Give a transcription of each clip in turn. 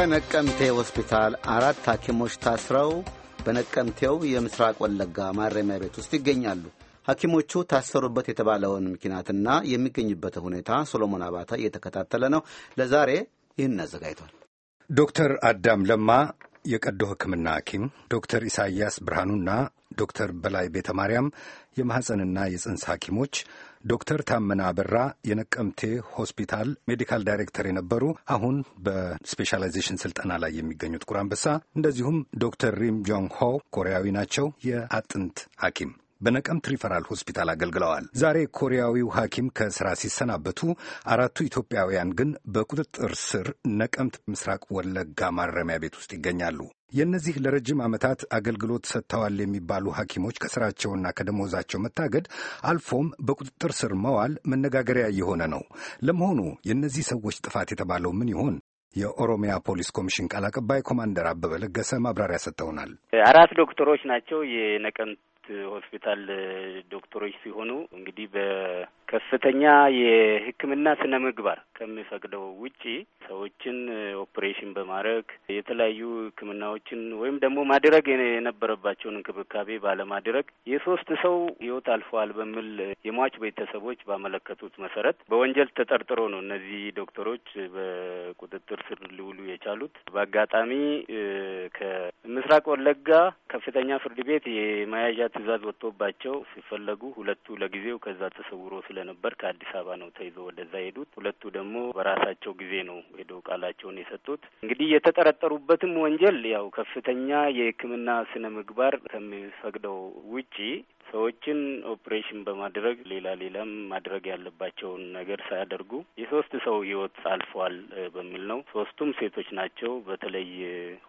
በነቀምቴ ሆስፒታል አራት ሐኪሞች ታስረው በነቀምቴው የምስራቅ ወለጋ ማረሚያ ቤት ውስጥ ይገኛሉ። ሐኪሞቹ ታሰሩበት የተባለውን ምክንያትና የሚገኝበት ሁኔታ ሶሎሞን አባታ እየተከታተለ ነው። ለዛሬ ይህን አዘጋጅቷል። ዶክተር አዳም ለማ የቀዶ ሕክምና ሐኪም፣ ዶክተር ኢሳያስ ብርሃኑና ዶክተር በላይ ቤተ ማርያም የማኅፀንና የጽንስ ሐኪሞች ዶክተር ታመና አበራ የነቀምቴ ሆስፒታል ሜዲካል ዳይሬክተር የነበሩ አሁን በስፔሻላይዜሽን ስልጠና ላይ የሚገኙት ጥቁር አንበሳ፣ እንደዚሁም ዶክተር ሪም ጆንግ ሆ ኮሪያዊ ናቸው፣ የአጥንት ሐኪም በነቀምት ሪፈራል ሆስፒታል አገልግለዋል። ዛሬ ኮሪያዊው ሐኪም ከስራ ሲሰናበቱ አራቱ ኢትዮጵያውያን ግን በቁጥጥር ስር ነቀምት ምስራቅ ወለጋ ማረሚያ ቤት ውስጥ ይገኛሉ። የእነዚህ ለረጅም ዓመታት አገልግሎት ሰጥተዋል የሚባሉ ሐኪሞች ከሥራቸውና ከደሞዛቸው መታገድ አልፎም በቁጥጥር ስር መዋል መነጋገሪያ እየሆነ ነው። ለመሆኑ የእነዚህ ሰዎች ጥፋት የተባለው ምን ይሆን? የኦሮሚያ ፖሊስ ኮሚሽን ቃል አቀባይ ኮማንደር አበበ ለገሰ ማብራሪያ ሰጥተውናል። አራት ዶክተሮች ናቸው የነቀምት ሆስፒታል ዶክተሮች ሲሆኑ እንግዲህ በከፍተኛ የሕክምና ስነ ምግባር ከሚፈቅደው ውጪ ሰዎችን ኦፕሬሽን በማድረግ የተለያዩ ሕክምናዎችን ወይም ደግሞ ማድረግ የነበረባቸውን እንክብካቤ ባለማድረግ የሶስት ሰው ህይወት አልፈዋል በሚል የሟች ቤተሰቦች ባመለከቱት መሰረት በወንጀል ተጠርጥሮ ነው እነዚህ ዶክተሮች በቁጥጥር ስር ሊውሉ የቻሉት። በአጋጣሚ ከምስራቅ ወለጋ ከፍተኛ ፍርድ ቤት የመያዣ ትእዛዝ ወጥቶባቸው ሲፈለጉ ሁለቱ ለጊዜው ከዛ ተሰውሮ ስለነበር ከአዲስ አበባ ነው ተይዞ ወደዛ ሄዱት ሁለቱ ደግሞ በራሳቸው ጊዜ ነው ሄደው ቃላቸውን የሰጡት። እንግዲህ የተጠረጠሩበትም ወንጀል ያው ከፍተኛ የሕክምና ስነ ምግባር ከሚፈቅደው ውጪ ኦፕሬሽን በማድረግ ሌላ ሌላም ማድረግ ያለባቸውን ነገር ሳያደርጉ የሶስት ሰው ህይወት አልፏል በሚል ነው። ሶስቱም ሴቶች ናቸው። በተለይ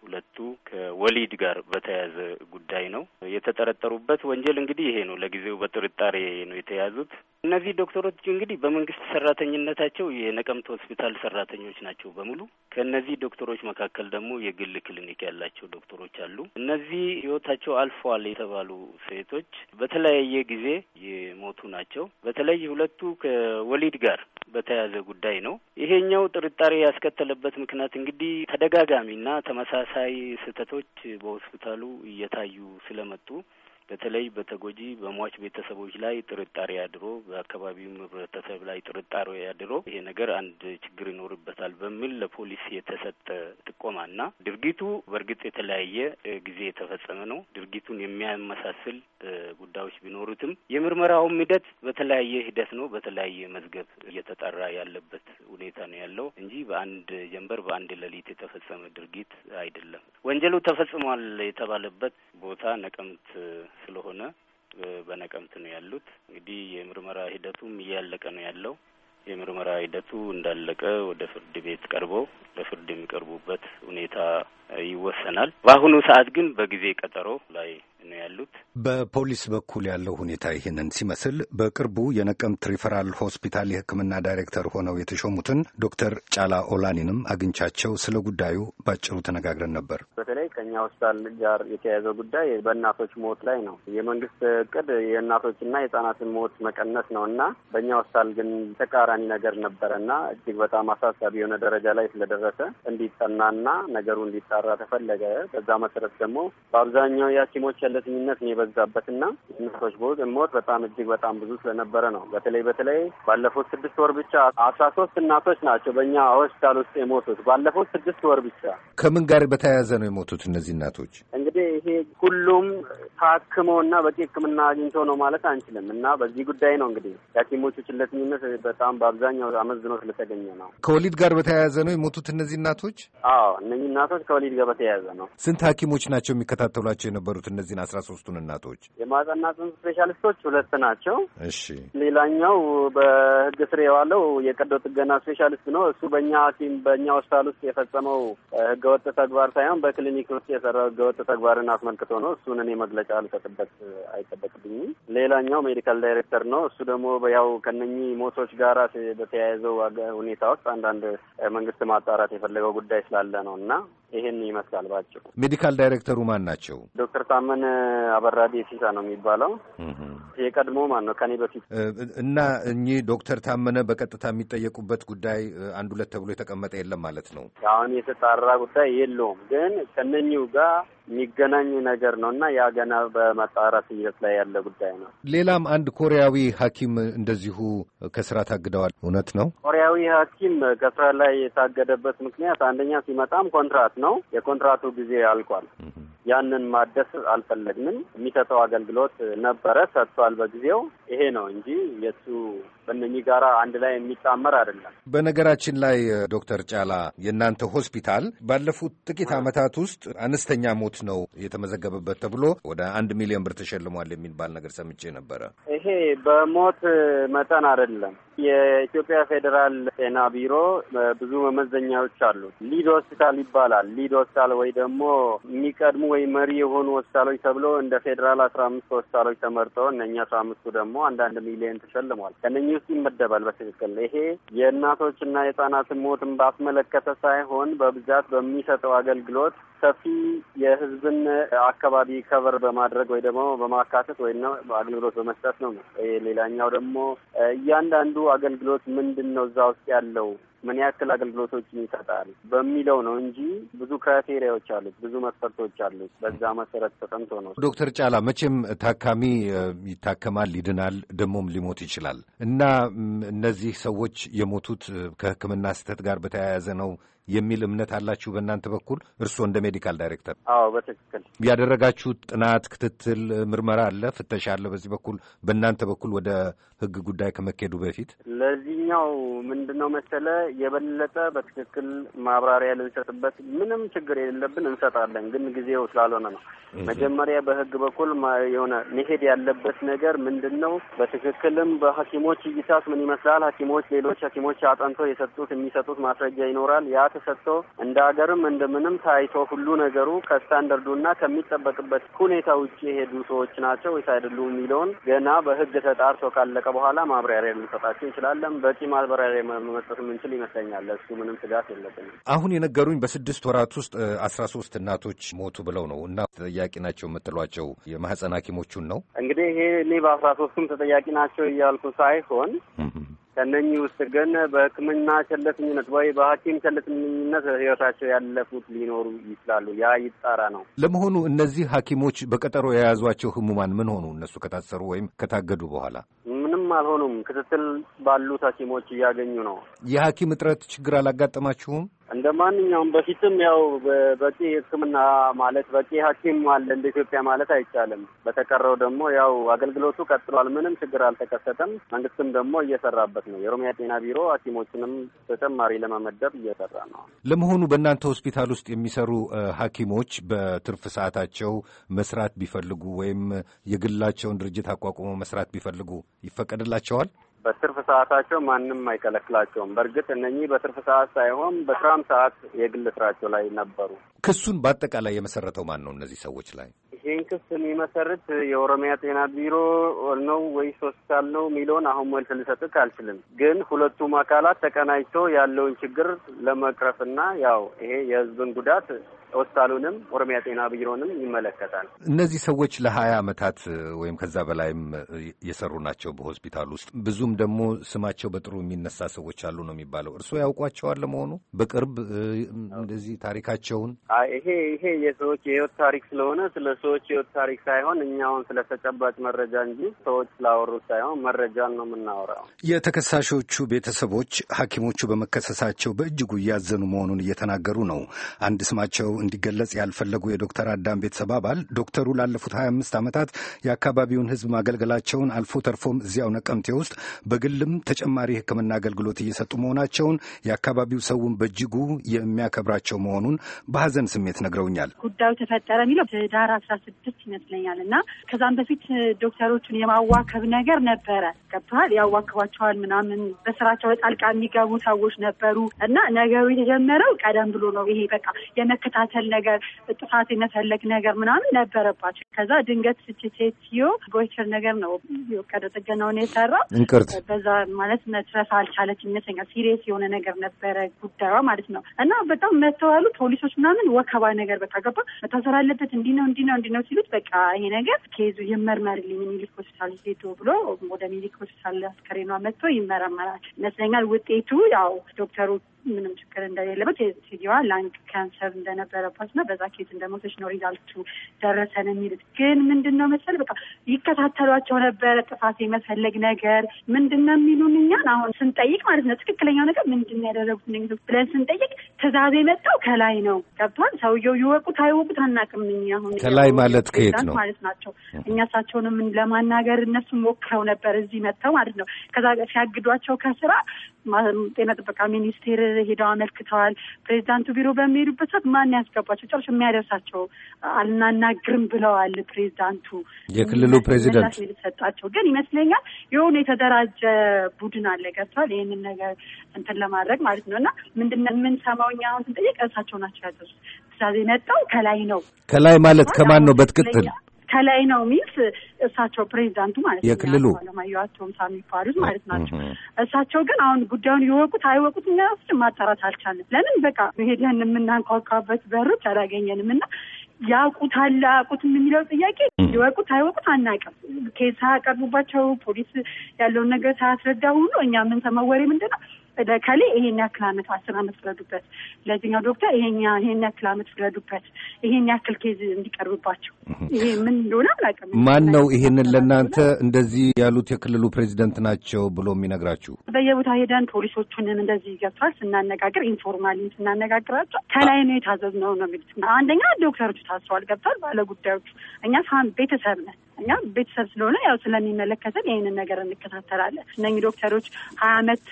ሁለቱ ከወሊድ ጋር በተያያዘ ጉዳይ ነው የተጠረጠሩበት ወንጀል። እንግዲህ ይሄ ነው። ለጊዜው በጥርጣሬ ነው የተያዙት። እነዚህ ዶክተሮች እንግዲህ በመንግስት ሰራተኝነታቸው የነቀምት ሆስፒታል ሰራተኞች ናቸው በሙሉ። ከእነዚህ ዶክተሮች መካከል ደግሞ የግል ክሊኒክ ያላቸው ዶክተሮች አሉ። እነዚህ ህይወታቸው አልፈዋል የተባሉ ሴቶች በተለያየ ጊዜ የሞቱ ናቸው። በተለይ ሁለቱ ከወሊድ ጋር በተያያዘ ጉዳይ ነው። ይሄኛው ጥርጣሬ ያስከተለበት ምክንያት እንግዲህ ተደጋጋሚና ተመሳሳይ ስህተቶች በሆስፒታሉ እየታዩ ስለመጡ በተለይ በተጎጂ በሟች ቤተሰቦች ላይ ጥርጣሬ አድሮ በአካባቢውም ህብረተሰብ ላይ ጥርጣሬ አድሮ ይሄ ነገር አንድ ችግር ይኖርበታል በሚል ለፖሊስ የተሰጠ ጥቆማና ድርጊቱ በእርግጥ የተለያየ ጊዜ የተፈጸመ ነው። ድርጊቱን የሚያመሳስል ጉዳዮች ቢኖሩትም የምርመራውም ሂደት በተለያየ ሂደት ነው፣ በተለያየ መዝገብ እየተጠራ ያለበት ሁኔታ ነው ያለው እንጂ በአንድ ጀንበር በአንድ ሌሊት የተፈጸመ ድርጊት አይደለም። ወንጀሉ ተፈጽሟል የተባለበት ቦታ ነቀምት ስለሆነ በነቀምት ነው ያሉት። እንግዲህ የምርመራ ሂደቱም እያለቀ ነው ያለው። የምርመራ ሂደቱ እንዳለቀ ወደ ፍርድ ቤት ቀርቦ ለፍርድ የሚቀርቡበት ሁኔታ ይወሰናል። በአሁኑ ሰዓት ግን በጊዜ ቀጠሮ ላይ ነው ያሉት። በፖሊስ በኩል ያለው ሁኔታ ይህንን ሲመስል በቅርቡ የነቀምት ሪፈራል ሆስፒታል የሕክምና ዳይሬክተር ሆነው የተሾሙትን ዶክተር ጫላ ኦላኒንም አግኝቻቸው ስለ ጉዳዩ ባጭሩ ተነጋግረን ነበር። በተለይ ከኛ ሆስፒታል ጋር የተያያዘው ጉዳይ በእናቶች ሞት ላይ ነው። የመንግስት እቅድ የእናቶችና የህጻናትን ሞት መቀነስ ነው እና በእኛ ሆስፒታል ግን ተቃራኒ ነገር ነበረ እና እጅግ በጣም አሳሳቢ የሆነ ደረጃ ላይ ስለደረሰ እንዲጠናና ነገሩ እንዲጣራ ተፈለገ። በዛ መሰረት ደግሞ በአብዛኛው የሐኪሞች ገለልተኝነት የበዛበትና እናቶች ሞት በጣም እጅግ በጣም ብዙ ስለነበረ ነው። በተለይ በተለይ ባለፉት ስድስት ወር ብቻ አስራ ሶስት እናቶች ናቸው በእኛ ሆስፒታል ውስጥ የሞቱት ባለፉት ስድስት ወር ብቻ። ከምን ጋር በተያያዘ ነው የሞቱት እነዚህ እናቶች? እንግዲህ ይሄ ሁሉም ታክሞ እና በቂ ሕክምና አግኝቶ ነው ማለት አንችልም እና በዚህ ጉዳይ ነው እንግዲህ የሐኪሞቹ ችለተኝነት በጣም በአብዛኛው አመዝኖ ስለተገኘ ነው። ከወሊድ ጋር በተያያዘ ነው የሞቱት እነዚህ እናቶች? አዎ እነዚህ እናቶች ከወሊድ ጋር በተያያዘ ነው። ስንት ሐኪሞች ናቸው የሚከታተሏቸው የነበሩት እነዚህ እነዚህን አስራ ሶስቱን እናቶች? የማህፀንና ጽንስ ስፔሻሊስቶች ሁለት ናቸው። እሺ። ሌላኛው በህግ ስር የዋለው የቀዶ ጥገና ስፔሻሊስት ነው። እሱ በእኛ ቲም በእኛ ሆስፒታል ውስጥ የፈጸመው ህገወጥ ተግባር ሳይሆን በክሊኒክ ውስጥ የሰራው ህገወጥ ተግባርን አስመልክቶ ነው። እሱን እኔ መግለጫ ልሰጥበት አይጠበቅብኝም። ሌላኛው ሜዲካል ዳይሬክተር ነው። እሱ ደግሞ ያው ከነኚህ ሞቶች ጋር በተያያዘው ሁኔታ ውስጥ አንዳንድ መንግስት ማጣራት የፈለገው ጉዳይ ስላለ ነው እና ይህን ይመስላል ባጭሩ። ሜዲካል ዳይሬክተሩ ማን ናቸው? ዶክተር ታመነ አበራ ደሲሳ ነው የሚባለው። የቀድሞ ማን ነው ከኔ በፊት እና እኚህ ዶክተር ታመነ በቀጥታ የሚጠየቁበት ጉዳይ አንድ ሁለት ተብሎ የተቀመጠ የለም ማለት ነው። አሁን የተጣራ ጉዳይ የለውም። ግን ከነኚሁ ጋር የሚገናኝ ነገር ነው እና ያ ገና በማጣራት ሂደት ላይ ያለ ጉዳይ ነው። ሌላም አንድ ኮሪያዊ ሐኪም እንደዚሁ ከስራ ታግደዋል። እውነት ነው። ኮሪያዊ ሐኪም ከስራ ላይ የታገደበት ምክንያት አንደኛ ሲመጣም ኮንትራት ነው። የኮንትራቱ ጊዜ አልቋል። ያንን ማደስ አልፈለግንም። የሚሰጠው አገልግሎት ነበረ ሰጥቷል በጊዜው። ይሄ ነው እንጂ የእሱ በእነኚህ ጋራ አንድ ላይ የሚጣመር አይደለም። በነገራችን ላይ ዶክተር ጫላ የእናንተ ሆስፒታል ባለፉት ጥቂት ዓመታት ውስጥ አነስተኛ ሞት ነው የተመዘገበበት ተብሎ ወደ አንድ ሚሊዮን ብር ተሸልሟል የሚባል ነገር ሰምቼ ነበረ። ይሄ በሞት መጠን አይደለም የኢትዮጵያ ፌዴራል ጤና ቢሮ ብዙ መመዘኛዎች አሉት። ሊድ ሆስፒታል ይባላል። ሊድ ሆስፒታል ወይ ደግሞ የሚቀድሙ ወይ መሪ የሆኑ ሆስፒታሎች ተብሎ እንደ ፌዴራል አስራ አምስት ሆስፒታሎች ተመርጠው እነኛ አስራ አምስቱ ደግሞ አንዳንድ ሚሊዮን ተሸልሟል። ከእነኚህ ውስጥ ይመደባል። በትክክል ይሄ የእናቶችና የሕጻናትን ሞትን ባስመለከተ ሳይሆን በብዛት በሚሰጠው አገልግሎት ሰፊ የህዝብን አካባቢ ከቨር በማድረግ ወይ ደግሞ በማካተት ወይ አገልግሎት በመስጠት ነው። ሌላኛው ደግሞ እያንዳንዱ አገልግሎት ምንድን ነው እዛ ውስጥ ያለው ምን ያክል አገልግሎቶችን ይሰጣል በሚለው ነው እንጂ ብዙ ክራይቴሪያዎች አሉት፣ ብዙ መስፈርቶች አሉት። በዛ መሰረት ተጠምቶ ነው። ዶክተር ጫላ መቼም ታካሚ ይታከማል፣ ይድናል፣ ደግሞም ሊሞት ይችላል እና እነዚህ ሰዎች የሞቱት ከሕክምና ስህተት ጋር በተያያዘ ነው የሚል እምነት አላችሁ በእናንተ በኩል እርስዎ እንደ ሜዲካል ዳይሬክተር? አዎ በትክክል ያደረጋችሁ ጥናት፣ ክትትል፣ ምርመራ አለ፣ ፍተሻ አለ በዚህ በኩል በእናንተ በኩል ወደ ህግ ጉዳይ ከመኬዱ በፊት ለዚህኛው ምንድን ነው መሰለ የበለጠ በትክክል ማብራሪያ ልንሰጥበት ምንም ችግር የሌለብን እንሰጣለን፣ ግን ጊዜው ስላልሆነ ነው። መጀመሪያ በህግ በኩል የሆነ መሄድ ያለበት ነገር ምንድን ነው በትክክልም በሐኪሞች እይታስ ምን ይመስላል ሐኪሞች ሌሎች ሐኪሞች አጠንተው የሰጡት የሚሰጡት ማስረጃ ይኖራል ያ ተሰጥቶ እንደ ሀገርም እንደምንም ታይቶ ሁሉ ነገሩ ከስታንደርዱና ከሚጠበቅበት ሁኔታ ውጭ የሄዱ ሰዎች ናቸው ወይስ አይደሉም የሚለውን ገና በህግ ተጣርቶ ካለቀ በኋላ ማብራሪያ ልንሰጣቸው እንችላለን። በቂ ማብራሪያ መመስጠት የምንችል ይመስለኛል። እሱ ምንም ስጋት የለብንም። አሁን የነገሩኝ በስድስት ወራት ውስጥ አስራ ሶስት እናቶች ሞቱ ብለው ነው እና ተጠያቂ ናቸው የምትሏቸው የማህፀን ሐኪሞቹን ነው እንግዲህ ይሄ እኔ በአስራ ሶስቱም ተጠያቂ ናቸው እያልኩ ሳይሆን ከእነኚህ ውስጥ ግን በሕክምና ቸለተኝነት ወይ በሐኪም ቸልተኝነት ህይወታቸው ያለፉት ሊኖሩ ይችላሉ። ያ ይጣራ ነው። ለመሆኑ እነዚህ ሐኪሞች በቀጠሮ የያዟቸው ህሙማን ምን ሆኑ? እነሱ ከታሰሩ ወይም ከታገዱ በኋላ አልሆኑም። ክትትል ባሉት ሐኪሞች እያገኙ ነው። የሐኪም እጥረት ችግር አላጋጠማችሁም? እንደ ማንኛውም በፊትም ያው በቂ ሕክምና ማለት በቂ ሐኪም አለ እንደ ኢትዮጵያ ማለት አይቻልም። በተቀረው ደግሞ ያው አገልግሎቱ ቀጥሏል። ምንም ችግር አልተከሰተም። መንግስትም ደግሞ እየሰራበት ነው። የኦሮሚያ ጤና ቢሮ ሐኪሞችንም ተጨማሪ ለመመደብ እየሰራ ነው። ለመሆኑ በእናንተ ሆስፒታል ውስጥ የሚሰሩ ሐኪሞች በትርፍ ሰዓታቸው መስራት ቢፈልጉ ወይም የግላቸውን ድርጅት አቋቁሞ መስራት ቢፈልጉ ይፈቀድ ይፈቀድላቸዋል? በትርፍ ሰዓታቸው ማንም አይከለክላቸውም። በእርግጥ እነኚህ በትርፍ ሰዓት ሳይሆን በስራም ሰዓት የግል ስራቸው ላይ ነበሩ። ክሱን በአጠቃላይ የመሰረተው ማን ነው እነዚህ ሰዎች ላይ? ይህን ክስ የሚመሰርት የኦሮሚያ ጤና ቢሮ ነው ወይስ ሆስፒታል ነው የሚለውን አሁን መልስ ልሰጥህ አልችልም። ግን ሁለቱም አካላት ተቀናጅቶ ያለውን ችግር ለመቅረፍና ያው ይሄ የህዝብን ጉዳት ሆስፒታሉንም ኦሮሚያ ጤና ቢሮንም ይመለከታል። እነዚህ ሰዎች ለሀያ አመታት ወይም ከዛ በላይም የሰሩ ናቸው በሆስፒታል ውስጥ ብዙም ደግሞ ስማቸው በጥሩ የሚነሳ ሰዎች አሉ ነው የሚባለው። እርስዎ ያውቋቸዋል ለመሆኑ በቅርብ እንደዚህ ታሪካቸውን? ይሄ ይሄ የሰዎች የህይወት ታሪክ ስለሆነ ስለ ሰዎች የህይወት ታሪክ ሳይሆን እኛውን ስለ ተጨባጭ መረጃ እንጂ ሰዎች ስላወሩ ሳይሆን መረጃን ነው የምናወራው። የተከሳሾቹ ቤተሰቦች ሐኪሞቹ በመከሰሳቸው በእጅጉ እያዘኑ መሆኑን እየተናገሩ ነው። አንድ ስማቸው እንዲገለጽ ያልፈለጉ የዶክተር አዳም ቤተሰብ አባል ዶክተሩ ላለፉት 25 ዓመታት የአካባቢውን ሕዝብ ማገልገላቸውን አልፎ ተርፎም እዚያው ነቀምቴ ውስጥ በግልም ተጨማሪ ሕክምና አገልግሎት እየሰጡ መሆናቸውን የአካባቢው ሰውን በእጅጉ የሚያከብራቸው መሆኑን በሀዘን ስሜት ነግረውኛል። ጉዳዩ ተፈጠረ የሚለው ህዳር አስራ ስድስት ይመስለኛል እና ከዛም በፊት ዶክተሮቹን የማዋከብ ነገር ነበረ። ገብተዋል ያዋክቧቸዋል ምናምን በስራቸው ጣልቃ የሚገቡ ሰዎች ነበሩ እና ነገሩ የተጀመረው ቀደም ብሎ ነው። ይሄ በቃ የመከታተል የመፈተል ነገር ጥፋት የመፈለግ ነገር ምናምን ነበረባቸው። ከዛ ድንገት ስችቴትዮ ጎይቸር ነገር ነው ጥገናው ነው የሰራ እንቅርት በዛ ማለት መትረፍ አልቻለች ይመስለኛል። ሲሪየስ የሆነ ነገር ነበረ ጉዳዩ ማለት ነው። እና በጣም መተዋሉ ፖሊሶች ምናምን ወከባ ነገር በቃ ገባ መታሰር አለበት እንዲህ ነው እንዲህ ነው እንዲህ ነው ሲሉት በቃ ይሄ ነገር ኬዙ ይመርመርልኝ ሚሊክ ሆስፒታል ሄዶ ብሎ ወደ ሚሊክ ሆስፒታል አስከሬኗ መጥቶ ይመረመራል ይመስለኛል። ውጤቱ ያው ዶክተሩ ምንም ችግር እንደሌለበት ሴትየዋ ላንግ ካንሰር እንደነበረባት እና በዛ ኬዝ እንደሞተች ነው ሪዛልቱ ደረሰን የሚሉት። ግን ምንድን ነው መሰል በቃ ይከታተሏቸው ነበረ። ጥፋት የመፈለግ ነገር ምንድን ነው የሚሉን እኛን አሁን ስንጠይቅ ማለት ነው ትክክለኛው ነገር ምንድን ነው ያደረጉት ብለን ስንጠይቅ ትዕዛዝ የመጣው ከላይ ነው። ገብቷል። ሰውየው ይወቁት አይወቁት አናውቅም። እኛ አሁን ከላይ ማለት ከየት ነው ማለት ናቸው። እኛ እሳቸውንም ለማናገር እነሱ ሞክረው ነበር እዚህ መጥተው ማለት ነው። ከዛ ሲያግዷቸው ከስራ ጤና ጥበቃ ሚኒስቴር ሄደው አመልክተዋል። ፕሬዚዳንቱ ቢሮ በሚሄዱበት ሰዓት ማን ያስገባቸው ጨርሽ የሚያደርሳቸው አልናናግርም ብለዋል ፕሬዚዳንቱ። የክልሉ ፕሬዚዳንት ሰጣቸው። ግን ይመስለኛል የሆነ የተደራጀ ቡድን አለ ገብቷል። ይህንን ነገር እንትን ለማድረግ ማለት ነው እና ምንድነው የምንሰማው እኛ አሁን ስንጠይቅ እርሳቸው ናቸው ያዘዙት። ትእዛዝ የመጣው ከላይ ነው። ከላይ ማለት ከማን ነው በትክክል ከላይ ነው ሚንስ እሳቸው ፕሬዚዳንቱ ማለት ነው የክልሉ አለማየሁ አቶምሳ የሚባሉት ማለት ናቸው። እሳቸው ግን አሁን ጉዳዩን ይወቁት አይወቁት እኛስ ማጣራት አልቻለም። ለምን በቃ ሄደን የምናንኳኳበት በሮች አላገኘንም እና ያውቁታል አያውቁት የሚለው ጥያቄ ይወቁት አይወቁት አናውቅም። ኬሳ ያቀርቡባቸው ፖሊስ ያለውን ነገር ሳያስረዳ ሁሉ እኛ የምንሰማው ወሬ ምንድን ነው ለከሌ ይሄን ያክል አመት አስር አመት ፍረዱበት፣ ለዚህኛው ዶክተር ይሄን ያክል አመት ፍረዱበት፣ ይሄን ያክል ኬዝ እንዲቀርብባቸው። ይሄ ምን እንደሆነ አላውቅም። ማን ነው ይሄንን ለእናንተ እንደዚህ ያሉት የክልሉ ፕሬዚደንት ናቸው ብሎ የሚነግራችሁ? በየቦታ ሄደን ፖሊሶቹንም እንደዚህ ገብቷል ስናነጋግር፣ ኢንፎርማሊ ስናነጋግራቸው ከላይ ነው የታዘዝነው ነው የሚሉት። አንደኛ ዶክተሮቹ ታስረዋል ገብቷል፣ ባለጉዳዮቹ እኛ ቤተሰብ ነን እኛ ቤተሰብ ስለሆነ ያው ስለሚመለከተን ይህንን ነገር እንከታተላለን። እነኚህ ዶክተሮች ሀያ አመት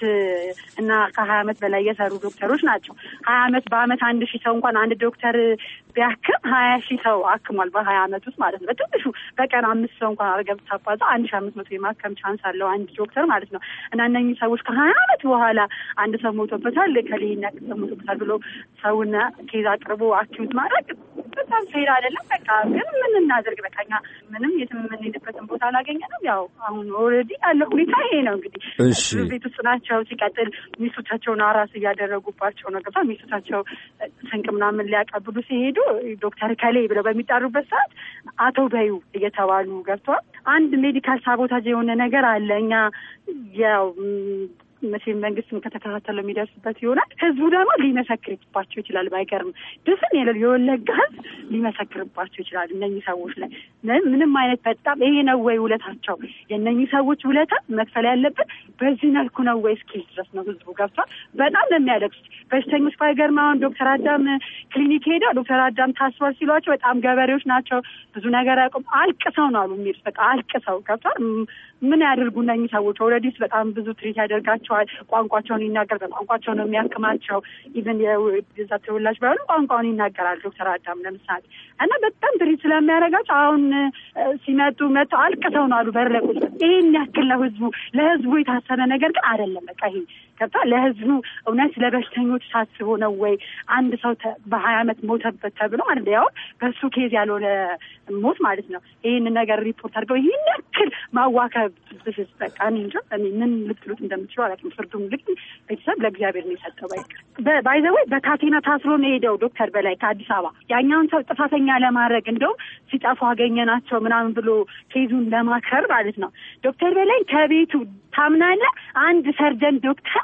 እና ከሀያ አመት በላይ የሰሩ ዶክተሮች ናቸው። ሀያ አመት በአመት አንድ ሺህ ሰው እንኳን አንድ ዶክተር ቢያክም ሀያ ሺህ ሰው አክሟል በሀያ አመት ውስጥ ማለት ነው። በትንሹ በቀን አምስት ሰው እንኳን አርገብ ታባዛ አንድ ሺህ አምስት መቶ የማከም ቻንስ አለው አንድ ዶክተር ማለት ነው። እና እነኚህ ሰዎች ከሀያ አመት በኋላ አንድ ሰው ሞቶበታል ከሌና ሰው ሞቶበታል ብሎ ሰውና ኬዝ አቅርቦ አኪዩት ማድረግ በጣም ፌር አይደለም። በቃ ግን ምን እናደርግ በቃ እኛ ምንም የት የምንሄድበትን ቦታ ነው። ያው አሁን ኦልሬዲ ያለው ሁኔታ ይሄ ነው። እንግዲህ ቤት ውስጥ ናቸው። ሲቀጥል ሚስቶቻቸውን አራስ እያደረጉባቸው ነው። ገባ ሚስቶቻቸው ስንቅ ምናምን ሊያቀብሉ ሲሄዱ ዶክተር ከሌ ብለው በሚጠሩበት ሰዓት አቶ በዩ እየተባሉ ገብቷል። አንድ ሜዲካል ሳቦታጅ የሆነ ነገር አለ። እኛ ያው መቼም መንግስትም ከተከታተለው የሚደርስበት ይሆናል። ህዝቡ ደግሞ ሊመሰክርባቸው ይችላል። ባይገርም ድፍን የወለጋ ህዝብ ሊመሰክርባቸው ይችላል። እነኚህ ሰዎች ላይ ምንም አይነት በጣም ይሄ ነው ወይ ውለታቸው? የእነኚህ ሰዎች ውለታ መክፈል ያለብን በዚህ መልኩ ነው ወይ እስኪል ድረስ ነው ህዝቡ ገብቷል። በጣም ነው የሚያለቅሱት በሽተኞች። ባይገርም አሁን ዶክተር አዳም ክሊኒክ ሄደው ዶክተር አዳም ታስሯል ሲሏቸው በጣም ገበሬዎች ናቸው ብዙ ነገር ያውቁም አልቅሰው ነው አሉ የሚሉት። በቃ አልቅሰው ገብቷል። ምን ያደርጉ እነኚህ ሰዎች? ኦልሬዲ በጣም ብዙ ትሪት ያደርጋቸው ያውቃቸዋል። ቋንቋቸውን ይናገር በቋንቋቸው ነው የሚያክማቸው። ኢቨን የዛ ተወላጅ ባይሆኑ ቋንቋውን ይናገራል። ዶክተር አዳም ለምሳሌ እና በጣም ትሪት ስለሚያደርጋቸው አሁን ሲመጡ መጥተው አልቅሰው ነው አሉ በረቁ። ይህን ያክል ለህዝቡ ለህዝቡ የታሰበ ነገር ግን አይደለም። በቃ ይሄ ገብታ ለህዝቡ እውነት ለበሽተኞች ታስቦ ነው ወይ አንድ ሰው በሀያ ዓመት ሞተበት ተብሎ ማለት ያው በሱ ኬዝ ያልሆነ ሞት ማለት ነው። ይህን ነገር ሪፖርት አድርገው ይህን ያክል ማዋከብ በቃ እንጃ ምን ልትሉት እንደምችሉ አላውቅም። ፍርዱም ልክ ቤተሰብ ለእግዚአብሔር ነው የሰጠው። ባይቀር ባይዘወይ በካቴና ታስሮ ነው የሄደው ዶክተር በላይ ከአዲስ አበባ ያኛውን ሰው ጥፋተኛ ለማድረግ እንደውም ሲጠፉ አገኘናቸው ምናምን ብሎ ኬዙን ለማከር ማለት ነው ዶክተር በላይ ከቤቱ ታምናለ አንድ ሰርጀን ዶክተር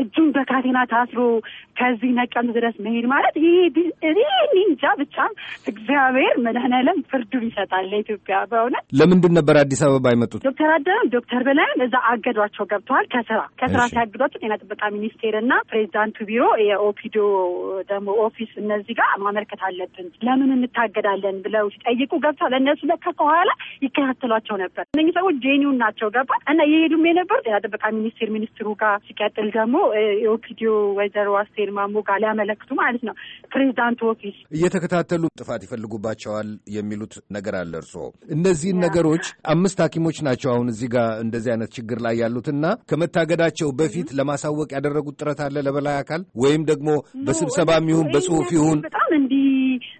እጁን በካቴና ታስሮ ከዚህ ነቀምት ድረስ መሄድ ማለት ይሄ እንጃ ብቻ እግዚአብሔር መድኃኔዓለም ፍርዱን ይሰጣል ለኢትዮጵያ። በእውነት ለምንድን ነበር አዲስ አበባ አይመጡት? ዶክተር አደረም ዶክተር በላይም እዛ አገዷቸው ገብተዋል ከስራ ከስራ ሲያግዷቸው ጤና ጥበቃ ሚኒስቴር እና ፕሬዚዳንቱ ቢሮ የኦፒዶ ደግሞ ኦፊስ እነዚህ ጋር ማመልከት አለብን ለምን እንታገዳለን ብለው ሲጠይቁ ገብተዋል። እነሱ ለካ ከኋላ ይከታተሏቸው ነበር። እነዚህ ሰዎች ጄኒውን ናቸው ገባ እና የሄዱም የነበሩ ጤና ጥበቃ ሚኒስቴር ሚኒስትሩ ጋር ሲቀጥል ደግሞ የኦፒዲዮ ወይዘሮ አስቴር ማሞ ጋር ሊያመለክቱ ማለት ነው ፕሬዚዳንት ኦፊስ እየተከታተሉ ጥፋት ይፈልጉባቸዋል የሚሉት ነገር አለ። እርስዎ እነዚህን ነገሮች አምስት ሐኪሞች ናቸው አሁን እዚህ ጋር እንደዚህ አይነት ችግር ላይ ያሉትና ከመታገዳቸው በፊት ለማሳወቅ ያደረጉት ጥረት አለ ለበላይ አካል ወይም ደግሞ በስብሰባም ይሁን በጽሁፍ ይሁን በጣም እንዲህ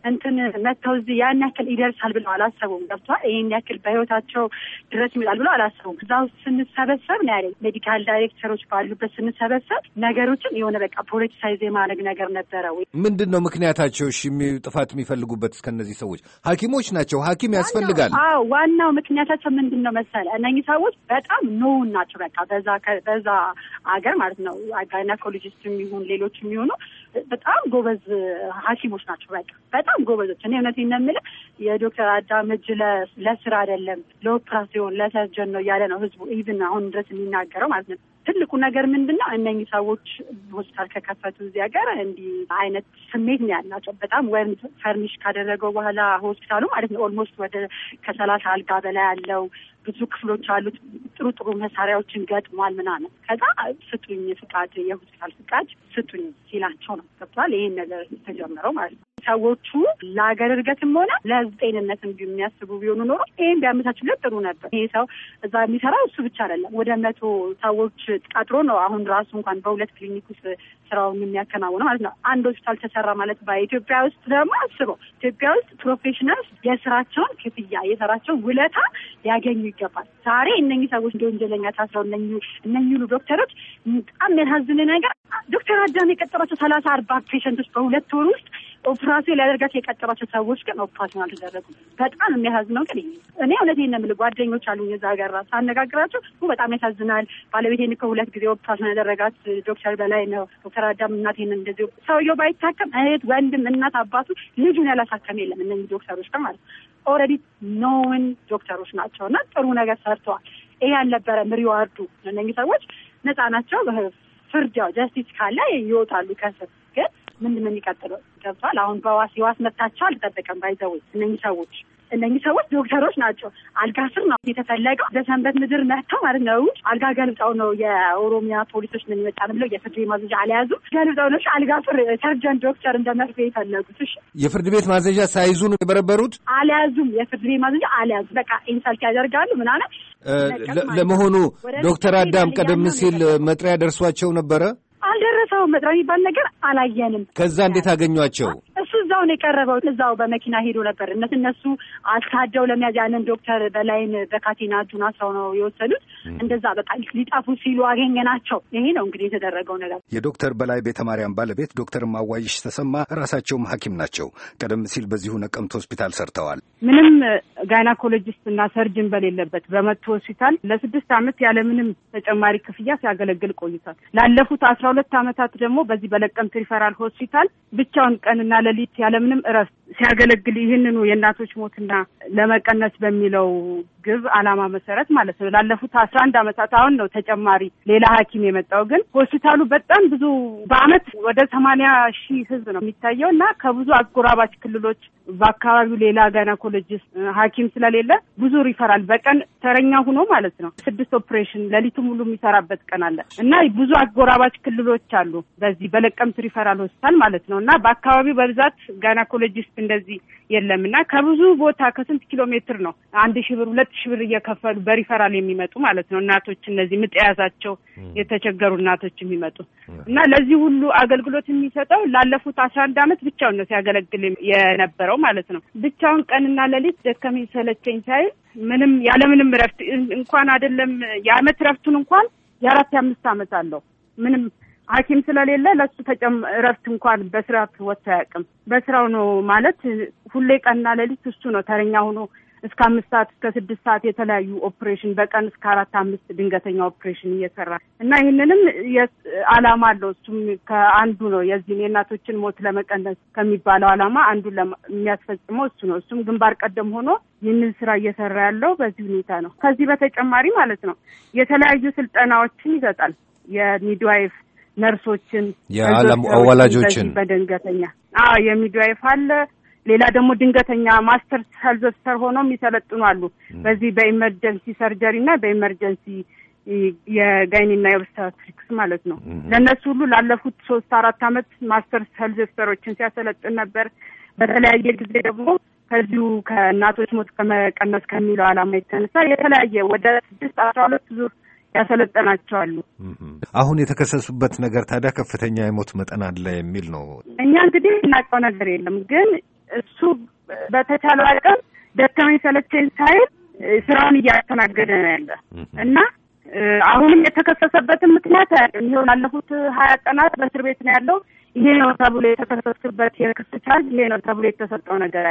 እንትን መጥተው እዚህ ያን ያክል ይደርሳል ብለው አላሰቡም። ገብቷል። ይህን ያክል በህይወታቸው ድረስ ይመጣል ብለው አላሰቡም። እዛ ውስጥ ስንሰበሰብ ነው ያለኝ ሜዲካል ዳይሬክተሮች ባሉበት ስንሰበሰብ በመስጠት ነገሮችን የሆነ በቃ ፖለቲሳይዝ የማድረግ ነገር ነበረ። ወይ ምንድን ነው ምክንያታቸው? እሺ ጥፋት የሚፈልጉበት እስከነዚህ ሰዎች ሐኪሞች ናቸው። ሐኪም ያስፈልጋል። አዎ ዋናው ምክንያታቸው ምንድን ነው መሰለ? እነኚህ ሰዎች በጣም ኖውን ናቸው። በቃ በዛ በዛ አገር ማለት ነው ጋይናኮሎጂስት የሚሆን ሌሎች የሚሆኑ በጣም ጎበዝ ሐኪሞች ናቸው። በቃ በጣም ጎበዞች። እኔ እውነት ነው የዶክተር አዳም እጅ ለስራ አይደለም ለኦፕራሲዮን ለሰርጀን ነው እያለ ነው ህዝቡ ኢቭን አሁን ድረስ የሚናገረው ማለት ነው። ትልቁ ነገር ምንድን ነው? እነኚህ ሰዎች ሆስፒታል ከከፈቱ እዚህ ሀገር እንዲህ አይነት ስሜት ነው ያላቸው። በጣም ወይም ፈርኒሽ ካደረገው በኋላ ሆስፒታሉ ማለት ነው ኦልሞስት ወደ ከሰላሳ አልጋ በላይ ያለው ብዙ ክፍሎች አሉት። ጥሩ ጥሩ መሳሪያዎችን ገጥሟል ምናምን። ከዛ ስጡኝ ፍቃድ፣ የሆስፒታል ፍቃድ ስጡኝ ሲላቸው ነው ገብቷል። ይህን ነገር ተጀመረው ማለት ነው። ሰዎቹ ለሀገር እድገትም ሆነ ለሕዝብ ጤንነት የሚያስቡ ቢሆኑ ኖሮ ይህን ቢያመቻችለት ጥሩ ነበር። ይሄ ሰው እዛ የሚሰራው እሱ ብቻ አይደለም፣ ወደ መቶ ሰዎች ቀጥሮ ነው አሁን ራሱ እንኳን በሁለት ክሊኒክ ውስጥ ስራውን የሚያከናውነው ማለት ነው። አንድ ሆስፒታል ተሰራ ማለት በኢትዮጵያ ውስጥ ደግሞ አስበው፣ ኢትዮጵያ ውስጥ ፕሮፌሽናልስ የስራቸውን ክፍያ የሰራቸውን ውለታ ሊያገኙ ይገባል። ዛሬ እነኚህ ሰዎች እንደ ወንጀለኛ ታስረው እነኚህ ሁሉ ዶክተሮች በጣም የሚያሳዝን ነገር ዶክተር አዳም የቀጠሯቸው ሰላሳ አርባ ፔሸንቶች በሁለት ወር ውስጥ ኦፕራሲዮን ሊያደርጋቸው የቀጠሯቸው ሰዎች ግን ኦፕራሲዮን አልተደረጉ። በጣም የሚያሳዝነው ግን እኔ እውነት ነው የምልህ ጓደኞች አሉ የዛ ሀገር እራሱ ሳነጋግራቸው በጣም ያሳዝናል። ባለቤቴን እኮ ሁለት ጊዜ ኦፕራሲዮን ያደረጋት ዶክተር በላይ ነው። ዶክተር አዳም እናቴን እንደዚህ ሰውየው ባይታከም እህት፣ ወንድም፣ እናት፣ አባቱ ልጁን ያላሳከም የለም እነዚህ ዶክተሮች ማለት ነው። ኦልሬዲ ኖውን ዶክተሮች ናቸው እና ጥሩ ነገር ሰርተዋል። ይሄ ያልነበረም ሪዋርዱ እነኚህ ሰዎች ነፃ ናቸው። ፍርድ ያው ጀስቲስ ካለ ይወጣሉ ከስር ግን ምንድን ነው የሚቀጥለው? ገብቷል። አሁን በዋስ የዋስ መብታቸው አልጠበቀም ባይዘወይ እነኚህ ሰዎች እነኚህ ሰዎች ዶክተሮች ናቸው። አልጋ ስር ነው የተፈለገው። በሰንበት ምድር መጥተው ማለት ነው አልጋ ገልብጠው ነው የኦሮሚያ ፖሊሶች ምን ይመጣል ብለው የፍርድ ቤት ማዘዣ አልያዙም። ገልብጠው ነው አልጋ ስር ሰርጀን ዶክተር እንደ መፍትሄ የፈለጉት። እሺ የፍርድ ቤት ማዘዣ ሳይዙ ነው የበረበሩት። አልያዙም። የፍርድ ቤት ማዘዣ አልያዙም። በቃ ኢንሰልት ያደርጋሉ ምናምን። ለመሆኑ ዶክተር አዳም ቀደም ሲል መጥሪያ ደርሷቸው ነበረ? አልደረሰውም። መጥሪያ የሚባል ነገር አላየንም። ከዛ እንዴት አገኟቸው? እዛው ነው የቀረበው። እዛው በመኪና ሄዶ ነበር እነት እነሱ አሳደው ለመያዝ ያንን ዶክተር በላይን በካቴና እጁን አስረው ነው የወሰዱት። እንደዛ በቃ ሊጠፉ ሲሉ አገኘ ናቸው። ይሄ ነው እንግዲህ የተደረገው ነገር። የዶክተር በላይ ቤተ ማርያም ባለቤት ዶክተር ማዋይሽ ተሰማ ራሳቸውም ሐኪም ናቸው። ቀደም ሲል በዚሁ ነቀምት ሆስፒታል ሰርተዋል። ምንም ጋይናኮሎጂስት እና ሰርጅን በሌለበት በመቱ ሆስፒታል ለስድስት ዓመት ያለምንም ተጨማሪ ክፍያ ሲያገለግል ቆይቷል። ላለፉት አስራ ሁለት ዓመታት ደግሞ በዚህ በለቀምት ሪፈራል ሆስፒታል ብቻውን ቀንና ሌሊት ያለምንም እረፍት ሲያገለግል ይህንኑ የእናቶች ሞትና ለመቀነስ በሚለው ግብ አላማ መሰረት ማለት ነው ላለፉት አስራ አንድ ዓመታት አሁን ነው ተጨማሪ ሌላ ሐኪም የመጣው ግን ሆስፒታሉ በጣም ብዙ በአመት ወደ ሰማንያ ሺህ ህዝብ ነው የሚታየው እና ከብዙ አጎራባች ክልሎች በአካባቢው ሌላ ጋይናኮሎጂስት ሐኪም ስለሌለ ብዙ ሪፈራል በቀን ተረኛ ሁኖ ማለት ነው ስድስት ኦፕሬሽን ሌሊቱ ሙሉ የሚሰራበት ቀን አለ እና ብዙ አጎራባች ክልሎች አሉ በዚህ በለቀምት ሪፈራል ሆስፒታል ማለት ነው እና በአካባቢው በብዛት ጋይናኮሎጂስት እንደዚህ የለም እና ከብዙ ቦታ ከስንት ኪሎ ሜትር ነው አንድ ሺ ብር ሁለት ሺ ብር እየከፈሉ በሪፈራል የሚመጡ ማለት ነው እናቶች እነዚህ ምጥ የያዛቸው የተቸገሩ እናቶች የሚመጡ እና ለዚህ ሁሉ አገልግሎት የሚሰጠው ላለፉት አስራ አንድ አመት ብቻውን ነው ሲያገለግል የነበረው ማለት ነው። ብቻውን ቀንና ሌሊት ደከመኝ ሰለቸኝ ሳይል ምንም ያለምንም እረፍት እንኳን አይደለም የአመት እረፍቱን እንኳን የአራት የአምስት አመት አለው ምንም ሐኪም ስለሌለ ለሱ ተጨም እረፍት እንኳን በስርዓት ወጥቶ አያውቅም። በስራው ነው ማለት ሁሌ ቀንና ሌሊት እሱ ነው ተረኛ ሆኖ እስከ አምስት ሰዓት እስከ ስድስት ሰዓት የተለያዩ ኦፕሬሽን በቀን እስከ አራት አምስት ድንገተኛ ኦፕሬሽን እየሰራ እና ይህንንም አላማ አለው። እሱም ከአንዱ ነው የዚህ የእናቶችን ሞት ለመቀነስ ከሚባለው አላማ አንዱ የሚያስፈጽመው እሱ ነው። እሱም ግንባር ቀደም ሆኖ ይህንን ስራ እየሰራ ያለው በዚህ ሁኔታ ነው። ከዚህ በተጨማሪ ማለት ነው የተለያዩ ስልጠናዎችን ይሰጣል። የሚድዋይፍ ነርሶችን፣ አዋላጆችን በድንገተኛ አዎ የሚድዋይፍ አለ። ሌላ ደግሞ ድንገተኛ ማስተር ሰልዘስተር ሆኖም ይሰለጥኑ አሉ። በዚህ በኢመርጀንሲ ሰርጀሪ እና በኢመርጀንሲ የጋይኒና የኦብስታትሪክስ ማለት ነው። ለእነሱ ሁሉ ላለፉት ሶስት አራት አመት ማስተር ሰልዘስተሮችን ሲያሰለጥን ነበር። በተለያየ ጊዜ ደግሞ ከዚሁ ከእናቶች ሞት ከመቀነስ ከሚለው አላማ የተነሳ የተለያየ ወደ ስድስት አስራ ሁለት ዙር ያሰለጠናቸዋሉ። አሁን የተከሰሱበት ነገር ታዲያ ከፍተኛ የሞት መጠን አለ የሚል ነው። እኛ እንግዲህ የምናውቀው ነገር የለም ግን እሱ በተቻለው አቅም ደከመኝ ሰለቸኝ ሳይል ስራውን እያስተናገደ ነው ያለ እና አሁንም የተከሰሰበትን ምክንያት ያለም ይሆን ላለፉት ሀያ ቀናት በእስር ቤት ነው ያለው። ይሄ ነው ተብሎ የተከሰስበት የክስ ቻርጅ ይሄ ነው ተብሎ የተሰጠው ነገር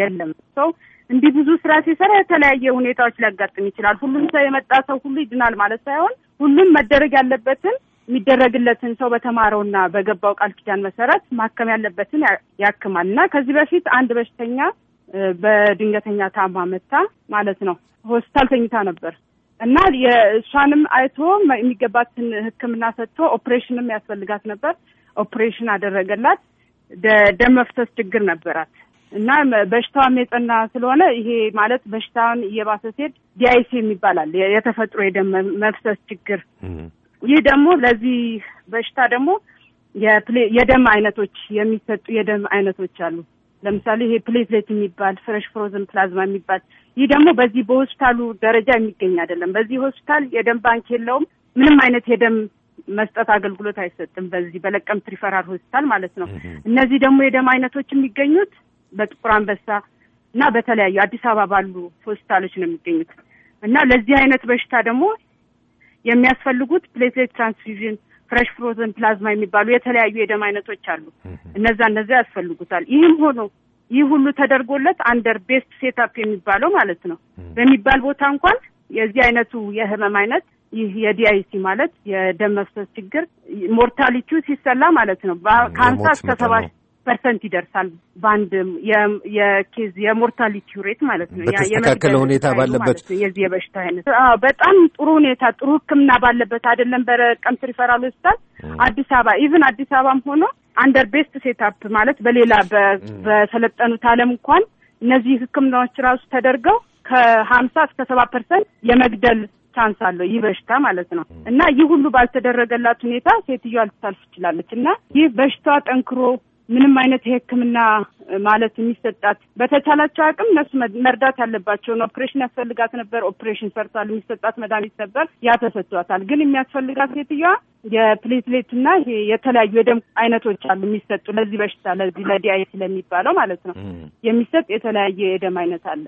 የለም ሰው እንዲህ ብዙ ስራ ሲሰራ የተለያየ ሁኔታዎች ሊያጋጥም ይችላል። ሁሉም ሰው የመጣ ሰው ሁሉ ይድናል ማለት ሳይሆን ሁሉም መደረግ ያለበትን የሚደረግለትን ሰው በተማረውና በገባው ቃል ኪዳን መሰረት ማከም ያለበትን ያክማል እና ከዚህ በፊት አንድ በሽተኛ በድንገተኛ ታማ መታ ማለት ነው ሆስፒታል ተኝታ ነበር እና የእሷንም አይቶ የሚገባትን ሕክምና ሰጥቶ ኦፕሬሽንም ያስፈልጋት ነበር። ኦፕሬሽን አደረገላት። ደም መፍሰስ ችግር ነበራት እና በሽታዋም የጸና ስለሆነ ይሄ ማለት በሽታውን እየባሰ ሲሄድ ዲአይሲ የሚባላል። የተፈጥሮ የደም መፍሰስ ችግር። ይህ ደግሞ ለዚህ በሽታ ደግሞ የደም አይነቶች የሚሰጡ የደም አይነቶች አሉ። ለምሳሌ ይሄ ፕሌትሌት የሚባል ፍረሽ ፍሮዝን ፕላዝማ የሚባል ይህ ደግሞ በዚህ በሆስፒታሉ ደረጃ የሚገኝ አይደለም። በዚህ ሆስፒታል የደም ባንክ የለውም። ምንም አይነት የደም መስጠት አገልግሎት አይሰጥም። በዚህ በለቀምት ሪፈራል ሆስፒታል ማለት ነው። እነዚህ ደግሞ የደም አይነቶች የሚገኙት በጥቁር አንበሳ እና በተለያዩ አዲስ አበባ ባሉ ሆስፒታሎች ነው የሚገኙት እና ለዚህ አይነት በሽታ ደግሞ የሚያስፈልጉት ፕሌትሌት ትራንስፊዥን ፍሬሽ ፍሮዘን ፕላዝማ የሚባሉ የተለያዩ የደም አይነቶች አሉ። እነዛ እነዚያ ያስፈልጉታል። ይህም ሆኖ ይህ ሁሉ ተደርጎለት አንደር ቤስት ሴታፕ የሚባለው ማለት ነው በሚባል ቦታ እንኳን የዚህ አይነቱ የህመም አይነት ይህ የዲአይሲ ማለት የደም መፍሰስ ችግር ሞርታሊቲው ሲሰላ ማለት ነው ከሀምሳ እስከ ሰባት ፐርሰንት ይደርሳል በአንድ የኬዝ የሞርታሊቲ ሬት ማለት ነው። በተስተካከለ ሁኔታ ባለበት የዚህ የበሽታ አይነት በጣም ጥሩ ሁኔታ ጥሩ ሕክምና ባለበት አይደለም። በረቀምት ሪፈራል ሆስፒታል አዲስ አበባ ኢቭን አዲስ አበባም ሆኖ አንደር ቤስት ሴታፕ ማለት በሌላ በሰለጠኑት ዓለም እንኳን እነዚህ ሕክምናዎች ራሱ ተደርገው ከሀምሳ እስከ ሰባ ፐርሰንት የመግደል ቻንስ አለው ይህ በሽታ ማለት ነው። እና ይህ ሁሉ ባልተደረገላት ሁኔታ ሴትዮዋ ልታልፍ ትችላለች። እና ይህ በሽታ ጠንክሮ ምንም አይነት የሕክምና ማለት የሚሰጣት በተቻላቸው አቅም እነሱ መርዳት ያለባቸውን ኦፕሬሽን ያስፈልጋት ነበር። ኦፕሬሽን ሰርቷል። የሚሰጣት መድኃኒት ነበር፣ ያ ተሰጥቷታል። ግን የሚያስፈልጋት ሴትዮዋ የፕሌትሌት እና ይሄ የተለያዩ የደም አይነቶች አሉ የሚሰጡ ለዚህ በሽታ ለዚህ ለዲአይ ስለሚባለው ማለት ነው የሚሰጥ የተለያየ የደም አይነት አለ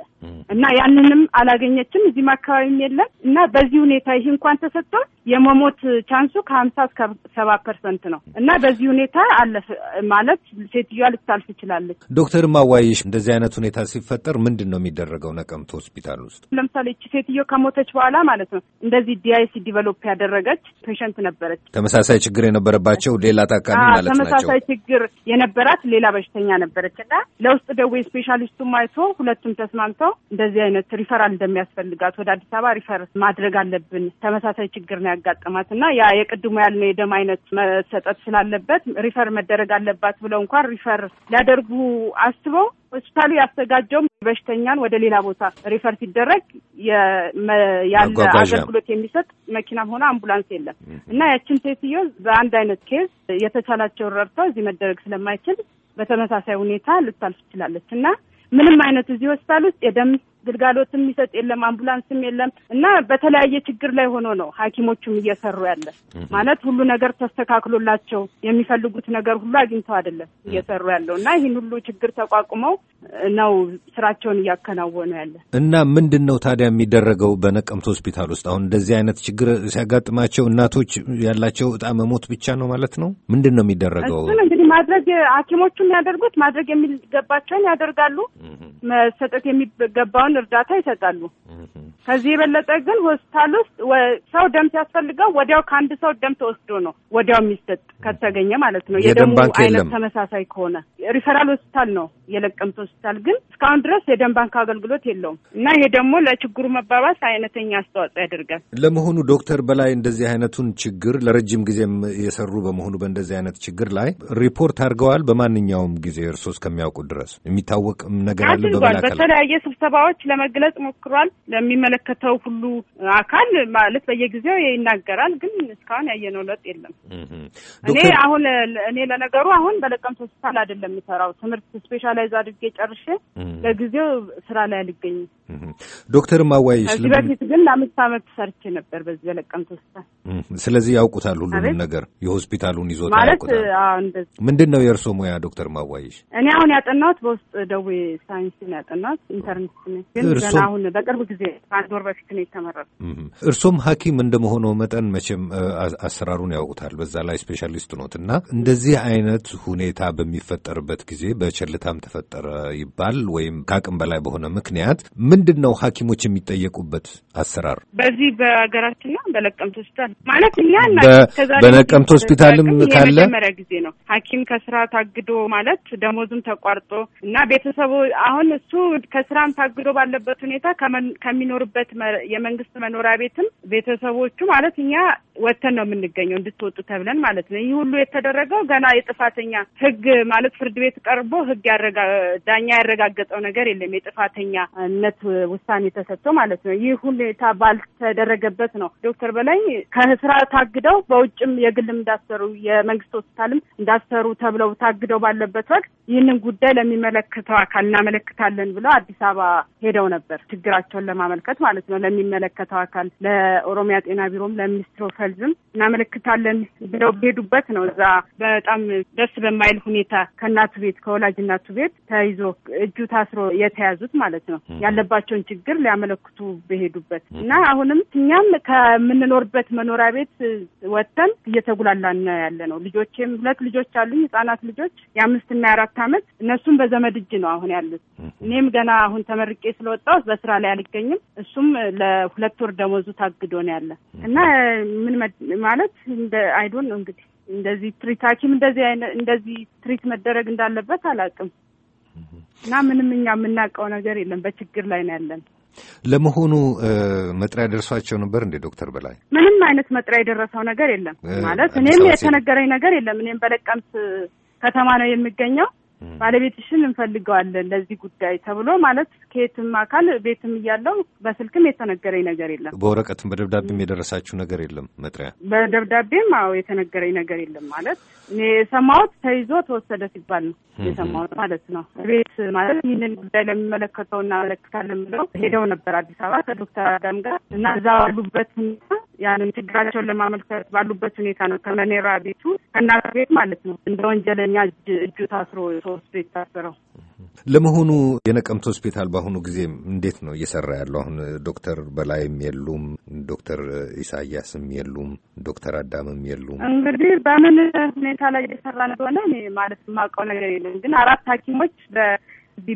እና ያንንም አላገኘችም። እዚህም አካባቢም የለም እና በዚህ ሁኔታ ይህ እንኳን ተሰጥቶ የመሞት ቻንሱ ከሀምሳ እስከ ሰባ ፐርሰንት ነው እና በዚህ ሁኔታ አለፍ ማለት ሴትዮዋ ልታልፍ ትችላለች። ዶክተር ማዋይሽ እንደዚህ አይነት ሁኔታ ሲፈጠር ምንድን ነው የሚደረገው? ነቀምት ሆስፒታል ውስጥ ለምሳሌ እቺ ሴትዮ ከሞተች በኋላ ማለት ነው እንደዚህ ዲአይሲ ዲቨሎፕ ያደረገች ፔሸንት ነበረች። ተመሳሳይ ችግር የነበረባቸው ሌላ ታካሚ ማለት ናቸው። ተመሳሳይ ችግር የነበራት ሌላ በሽተኛ ነበረች እና ለውስጥ ደዌ ስፔሻሊስቱም አይቶ ሁለቱም ተስማምተው እንደዚህ አይነት ሪፈራል እንደሚያስፈልጋት ወደ አዲስ አበባ ሪፈር ማድረግ አለብን፣ ተመሳሳይ ችግር ነው ያጋጠማት እና ያ የቅድሙ ያልነው የደም አይነት መሰጠት ስላለበት ሪፈር መደረግ አለባት ብለው እንኳን ሪፈር ሊያደርጉ አስቦ ሆስፒታሉ ያዘጋጀውም በሽተኛን ወደ ሌላ ቦታ ሪፈር ሲደረግ ያለ አገልግሎት የሚሰጥ መኪናም ሆነ አምቡላንስ የለም እና ያችን ሴትዮ በአንድ አይነት ኬዝ የተቻላቸውን ረድተው እዚህ መደረግ ስለማይችል በተመሳሳይ ሁኔታ ልታልፍ ትችላለች እና ምንም አይነት እዚህ ሆስፒታል ውስጥ የደም ግልጋሎትም የሚሰጥ የለም፣ አምቡላንስም የለም እና በተለያየ ችግር ላይ ሆኖ ነው ሐኪሞቹም እየሰሩ ያለ ማለት ሁሉ ነገር ተስተካክሎላቸው የሚፈልጉት ነገር ሁሉ አግኝተው አይደለም እየሰሩ ያለው እና ይህን ሁሉ ችግር ተቋቁመው ነው ስራቸውን እያከናወኑ ያለ እና ምንድን ነው ታዲያ የሚደረገው በነቀምት ሆስፒታል ውስጥ አሁን እንደዚህ አይነት ችግር ሲያጋጥማቸው እናቶች ያላቸው እጣ መሞት ብቻ ነው ማለት ነው? ምንድን ነው የሚደረገው? እንግዲህ ማድረግ ሐኪሞቹ የሚያደርጉት ማድረግ የሚገባቸውን ያደርጋሉ፣ መሰጠት የሚገባውን እርዳታ ይሰጣሉ። ከዚህ የበለጠ ግን ሆስፒታል ውስጥ ሰው ደም ሲያስፈልገው ወዲያው ከአንድ ሰው ደም ተወስዶ ነው ወዲያው የሚሰጥ ከተገኘ ማለት ነው። የደም ባንክ አይነት ተመሳሳይ ከሆነ ሪፈራል ሆስፒታል ነው የለቀምት ሆስፒታል ግን እስካሁን ድረስ የደም ባንክ አገልግሎት የለውም እና ይሄ ደግሞ ለችግሩ መባባስ አይነተኛ አስተዋጽኦ ያደርጋል። ለመሆኑ ዶክተር በላይ እንደዚህ አይነቱን ችግር ለረጅም ጊዜም የሰሩ በመሆኑ በእንደዚህ አይነት ችግር ላይ ሪፖርት አድርገዋል። በማንኛውም ጊዜ እርሶ እስከሚያውቁ ድረስ የሚታወቅ ነገር አለ? በተለያየ ስብሰባዎች ለመግለጽ ሞክሯል። ለሚመለከተው ሁሉ አካል ማለት በየጊዜው ይናገራል፣ ግን እስካሁን ያየነው ለውጥ የለም። እኔ አሁን እኔ ለነገሩ አሁን በለቀምት ሆስፒታል አይደለም የምሰራው። ትምህርት ስፔሻላይዝ አድርጌ ጨርሼ ለጊዜው ስራ ላይ አልገኝም። ዶክተር ማዋይ ከዚህ በፊት ግን ለአምስት ዓመት ሰርቼ ነበር በዚህ በለቀምት ሆስፒታል። ስለዚህ ያውቁታል ሁሉንም ነገር የሆስፒታሉን ይዞታ ማለት ምንድን ነው የእርስዎ ሙያ ዶክተር ማዋይሽ? እኔ አሁን ያጠናሁት በውስጥ ደዌ ሳይንስ ያጠናሁት ኢንተርኔት ግን ገና አሁን በቅርብ ጊዜ አንድ ወር በፊት ነው የተመረጡ። እርሶም ሐኪም እንደመሆነ መጠን መቼም አሰራሩን ያውቁታል፣ በዛ ላይ ስፔሻሊስት ኖት እና እንደዚህ አይነት ሁኔታ በሚፈጠርበት ጊዜ በቸልታም ተፈጠረ ይባል ወይም ከአቅም በላይ በሆነ ምክንያት ምንድን ነው ሐኪሞች የሚጠየቁበት አሰራር በዚህ በሀገራችን በለቀምት ሆስፒታል ማለት እኛ በነቀምት ሆስፒታልም ካለ የመጀመሪያ ጊዜ ነው ሐኪም ከስራ ታግዶ ማለት ደሞዝም ተቋርጦ እና ቤተሰቡ አሁን እሱ ከስራም ታግዶ ባለበት ሁኔታ ከሚኖርበት የመንግስት መኖሪያ ቤትም ቤተሰቦቹ ማለት እኛ ወጥተን ነው የምንገኘው እንድትወጡ ተብለን ማለት ነው። ይህ ሁሉ የተደረገው ገና የጥፋተኛ ህግ ማለት ፍርድ ቤት ቀርቦ ህግ ያረጋ ዳኛ ያረጋገጠው ነገር የለም የጥፋተኛነት ውሳኔ ተሰጥቶ ማለት ነው። ይህ ሁኔታ ባልተደረገበት ነው ዶክተር በላይ ከስራ ታግደው በውጭም የግልም እንዳሰሩ የመንግስት ሆስፒታልም እንዳሰሩ ተብለው ታግደው ባለበት ወቅት ይህንን ጉዳይ ለሚመለከተው አካል እናመለክታለን ብለው አዲስ አበባ ሄደው ነበር ችግራቸውን ለማመልከት ማለት ነው። ለሚመለከተው አካል ለኦሮሚያ ጤና ቢሮም ለሚኒስትሮ አልፈልዝም እናመለክታለን ብለው ሄዱበት ነው። እዛ በጣም ደስ በማይል ሁኔታ ከእናቱ ቤት ከወላጅ እናቱ ቤት ተይዞ እጁ ታስሮ የተያዙት ማለት ነው። ያለባቸውን ችግር ሊያመለክቱ በሄዱበት እና አሁንም እኛም ከምንኖርበት መኖሪያ ቤት ወጥተን እየተጉላላን ያለ ነው። ልጆቼም ሁለት ልጆች አሉኝ፣ ህጻናት ልጆች የአምስትና የአራት አመት እነሱም በዘመድ እጅ ነው አሁን ያሉት። እኔም ገና አሁን ተመርቄ ስለወጣሁ በስራ ላይ አልገኝም። እሱም ለሁለት ወር ደሞዙ ታግዶ ነው ያለ እና ምን ማለት እንደ አይዶን ነው እንግዲህ እንደዚህ ትሪት ሐኪም እንደዚህ እንደዚህ ትሪት መደረግ እንዳለበት አላውቅም። እና ምንም እኛ የምናውቀው ነገር የለም። በችግር ላይ ነው ያለን። ለመሆኑ መጥሪያ ደርሷቸው ነበር እንዴ ዶክተር በላይ? ምንም አይነት መጥሪያ የደረሰው ነገር የለም ማለት እኔም የተነገረኝ ነገር የለም። እኔም በለቀምት ከተማ ነው የሚገኘው ባለቤትሽን እንፈልገዋለን ለዚህ ጉዳይ ተብሎ ማለት ከየትም አካል ቤትም እያለው በስልክም የተነገረኝ ነገር የለም። በወረቀትም በደብዳቤም የደረሳችሁ ነገር የለም? መጥሪያ በደብዳቤም አዎ የተነገረኝ ነገር የለም። ማለት እኔ የሰማሁት ተይዞ ተወሰደ ሲባል ነው የሰማሁት ማለት ነው። ቤት ማለት ይህንን ጉዳይ ለሚመለከተው እናመለክታለን ብለው ሄደው ነበር አዲስ አበባ ከዶክተር አዳም ጋር እና እዛ ባሉበት ሁኔታ ያንን ችግራቸውን ለማመልከት ባሉበት ሁኔታ ነው። ከመኔራ ቤቱ ከእናት ቤት ማለት ነው እንደ ወንጀለኛ እጁ ታስሮ ሶስት ቤት ታስረው። ለመሆኑ የነቀምት ሆስፒታል በአሁኑ ጊዜ እንዴት ነው እየሰራ ያለው? አሁን ዶክተር በላይም የሉም፣ ዶክተር ኢሳያስም የሉም፣ ዶክተር አዳምም የሉም። እንግዲህ በምን ሁኔታ ላይ እየሰራ እንደሆነ ማለት የማውቀው ነገር የለም። ግን አራት ሐኪሞች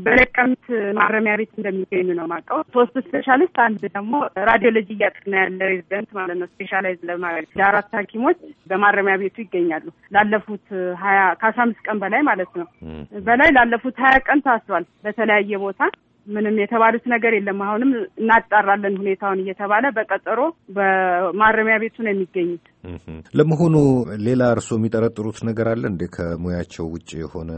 በለቀምት ማረሚያ ቤት እንደሚገኙ ነው የማውቀው። ሶስት ስፔሻሊስት፣ አንድ ደግሞ ራዲዮሎጂ እያጠና ያለ ሬዚደንት ማለት ነው። ስፔሻላይዝ ለማድረግ ለአራት ሐኪሞች በማረሚያ ቤቱ ይገኛሉ። ላለፉት ሀያ ከአስራ አምስት ቀን በላይ ማለት ነው በላይ ላለፉት ሀያ ቀን ታስሯል በተለያየ ቦታ ምንም የተባሉት ነገር የለም። አሁንም እናጣራለን ሁኔታውን እየተባለ በቀጠሮ በማረሚያ ቤቱ ነው የሚገኙት። ለመሆኑ ሌላ እርስዎ የሚጠረጥሩት ነገር አለ እንዴ? ከሙያቸው ውጭ የሆነ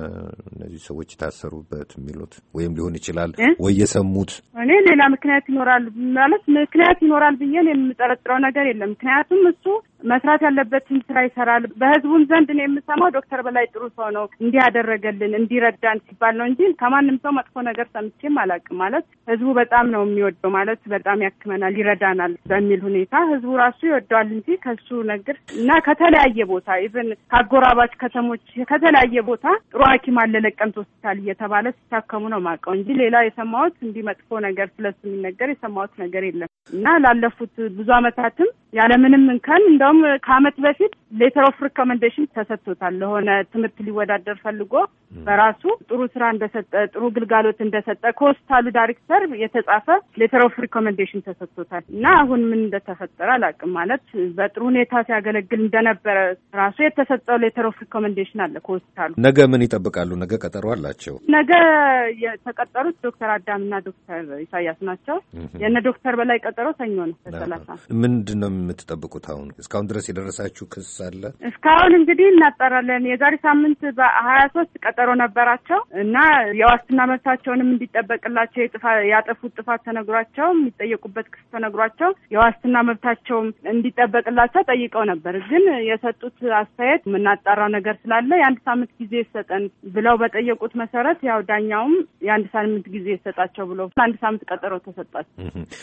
እነዚህ ሰዎች የታሰሩበት የሚሉት ወይም ሊሆን ይችላል ወይ የሰሙት። እኔ ሌላ ምክንያት ይኖራል ማለት ምክንያት ይኖራል ብዬ የምጠረጥረው ነገር የለም። ምክንያቱም እሱ መስራት ያለበትን ስራ ይሰራል። በህዝቡን ዘንድ እኔ የምሰማው ዶክተር በላይ ጥሩ ሰው ነው፣ እንዲያደረገልን እንዲረዳን ሲባል ነው እንጂ ከማንም ሰው መጥፎ ነገር ሰምቼም አላውቅም። ማለት ህዝቡ በጣም ነው የሚወደው፣ ማለት በጣም ያክመናል፣ ይረዳናል በሚል ሁኔታ ህዝቡ ራሱ ይወደዋል እንጂ ከሱ ስናናግር እና ከተለያየ ቦታ ኢቨን ከአጎራባች ከተሞች ከተለያየ ቦታ ጥሩ ሐኪም አለ ለቀምት ሆስፒታል እየተባለ ሲታከሙ ነው ማውቀው እንጂ ሌላ የሰማሁት እንዲህ መጥፎ ነገር ስለሱ የሚነገር የሰማሁት ነገር የለም እና ላለፉት ብዙ ዓመታትም ያለምንም እንከን እንደውም ከአመት በፊት ሌተር ኦፍ ሪኮመንዴሽን ተሰጥቶታል። ለሆነ ትምህርት ሊወዳደር ፈልጎ በራሱ ጥሩ ስራ እንደሰጠ፣ ጥሩ ግልጋሎት እንደሰጠ ከሆስፒታሉ ዳይሬክተር የተጻፈ ሌተር ኦፍ ሪኮመንዴሽን ተሰጥቶታል እና አሁን ምን እንደተፈጠረ አላውቅም። ማለት በጥሩ ሁኔታ ሲያገለግል እንደነበረ ራሱ የተሰጠው ሌተር ኦፍ ሪኮመንዴሽን አለ ከሆስፒታሉ። ነገ ምን ይጠብቃሉ? ነገ ቀጠሮ አላቸው። ነገ የተቀጠሩት ዶክተር አዳምና ዶክተር ኢሳያስ ናቸው። የነ ዶክተር በላይ ቀጠሮ ሰኞ ነው። ተሰላሳ ምንድን ነው የምትጠብቁት አሁን እስካሁን ድረስ የደረሳችሁ ክስ አለ? እስካሁን እንግዲህ እናጠራለን። የዛሬ ሳምንት በሀያ ሶስት ቀጠሮ ነበራቸው እና የዋስትና መብታቸውንም እንዲጠበቅላቸው ያጠፉት ጥፋት ተነግሯቸው የሚጠየቁበት ክስ ተነግሯቸው የዋስትና መብታቸውም እንዲጠበቅላቸው ጠይቀው ነበር። ግን የሰጡት አስተያየት የምናጣራው ነገር ስላለ የአንድ ሳምንት ጊዜ ይሰጠን ብለው በጠየቁት መሰረት ያው ዳኛውም የአንድ ሳምንት ጊዜ ይሰጣቸው ብሎ አንድ ሳምንት ቀጠሮ ተሰጣቸው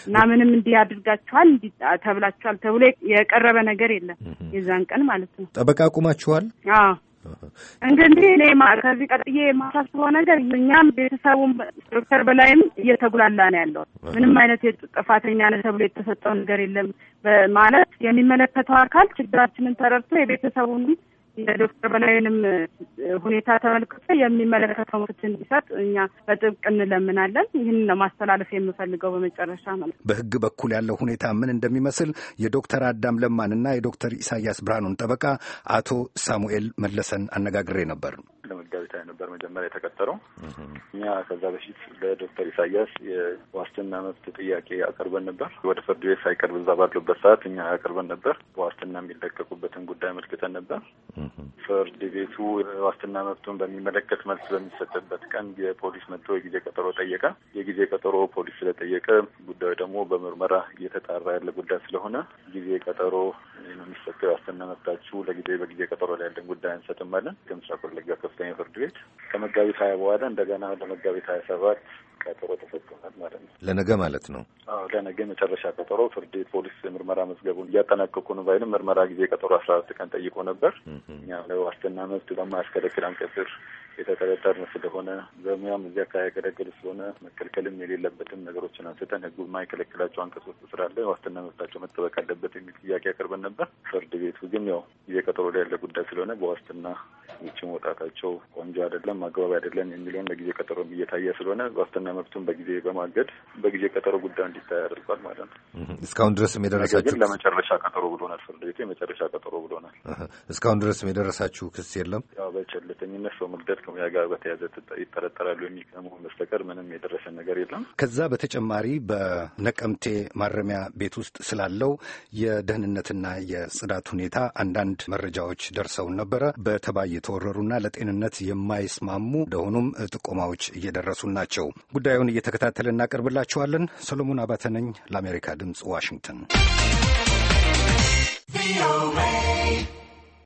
እና ምንም እንዲህ አድርጋችኋል ተብላችኋል ተብሎ የቀረበ ነገር የለም። የዛን ቀን ማለት ነው። ጠበቃ አቁማችኋል? አዎ እንግዲህ እኔ ከዚህ ቀጥዬ የማሳስበው ነገር እኛም ቤተሰቡም ዶክተር በላይም እየተጉላላ ነው ያለው። ምንም አይነት ጥፋተኛ ነህ ተብሎ የተሰጠው ነገር የለም። ማለት የሚመለከተው አካል ችግራችንን ተረድቶ የቤተሰቡን የዶክተር በላይንም ሁኔታ ተመልክቶ የሚመለከተው ፍትህ እንዲሰጥ እኛ በጥብቅ እንለምናለን። ይህን ለማስተላለፍ የምፈልገው በመጨረሻ ማለት በህግ በኩል ያለው ሁኔታ ምን እንደሚመስል የዶክተር አዳም ለማንና የዶክተር ኢሳያስ ብርሃኑን ጠበቃ አቶ ሳሙኤል መለሰን አነጋግሬ ነበር። ለመጋቢት ላይ ነበር መጀመሪያ የተቀጠረው። እኛ ከዛ በፊት ለዶክተር ኢሳያስ የዋስትና መብት ጥያቄ አቅርበን ነበር። ወደ ፍርድ ቤት ሳይቀርብ እዛ ባሉበት ሰዓት እኛ አቅርበን ነበር። በዋስትና የሚለቀቁበትን ጉዳይ መልክተን ነበር። ፍርድ ቤቱ ዋስትና መብቱን በሚመለከት መልስ በሚሰጥበት ቀን የፖሊስ መጥቶ የጊዜ ቀጠሮ ጠየቀ። የጊዜ ቀጠሮ ፖሊስ ስለጠየቀ ጉዳዩ ደግሞ በምርመራ እየተጣራ ያለ ጉዳይ ስለሆነ ጊዜ ቀጠሮ የሚሰጠው። የዋስትና መብታችሁ ለጊዜ በጊዜ ቀጠሮ ላይ ያለን ጉዳይ አንሰጥም አለን። ከምስራቅ ወለጋ ከፍ ከፍተኛ ፍርድ ቤት ከመጋቢት ሀያ በኋላ እንደገና ለመጋቢት ሀያ ሰባት ቀጠሮ ተሰጥቶናል ማለት ነው። ለነገ ማለት ነው። አዎ ለነገ መጨረሻ ቀጠሮ ፍርድ ቤት ፖሊስ ምርመራ መዝገቡን እያጠናቀቁ ነው ባይልም ምርመራ ጊዜ ቀጠሮ አስራ አራት ቀን ጠይቆ ነበር። እኛ ለዋስትና መብት በማያስከለክል አንቀጽ የተጠረጠርን ስለሆነ በሙያም እዚህ አካባቢ ያገለገሉ ስለሆነ መከልከልም የሌለበትም ነገሮችን አንስተን ሕጉ የማይከለክላቸው አንቀጾች ስላለ ዋስትና መብታቸው መጠበቅ አለበት የሚል ጥያቄ ያቀርበን ነበር። ፍርድ ቤቱ ግን ያው ጊዜ ቀጠሮ ላይ ያለ ጉዳይ ስለሆነ በዋስትና ውጭ መውጣታቸው ቆንጆ አይደለም፣ አግባብ አይደለም የሚለውን ለጊዜ ቀጠሮ እየታየ ስለሆነ ዋስትና መብቱን በጊዜ በማገድ በጊዜ ቀጠሮ ጉዳዩ እንዲታይ አድርጓል ማለት ነው። እስካሁን ድረስም የደረሳችሁ ግን ለመጨረሻ ቀጠሮ ብሎናል። ፍርድ ቤቱ የመጨረሻ ቀጠሮ ብሎናል። እስካሁን ድረስም የደረሳችሁ ክስ የለም። ያው በቸልተኝነት ሰው መግደል ከሙያ ጋር በተያዘ ይጠረጠራሉ የሚል ከመሆን በስተቀር ምንም የደረሰን ነገር የለም። ከዛ በተጨማሪ በነቀምቴ ማረሚያ ቤት ውስጥ ስላለው የደህንነትና የጽዳት ሁኔታ አንዳንድ መረጃዎች ደርሰውን ነበረ። በተባይ የተወረሩና ለጤንነት የማይስማሙ እንደሆኑም ጥቆማዎች እየደረሱን ናቸው። ጉዳዩን እየተከታተል እናቀርብላችኋለን። ሰሎሞን አባተ ነኝ ለአሜሪካ ድምፅ ዋሽንግተን።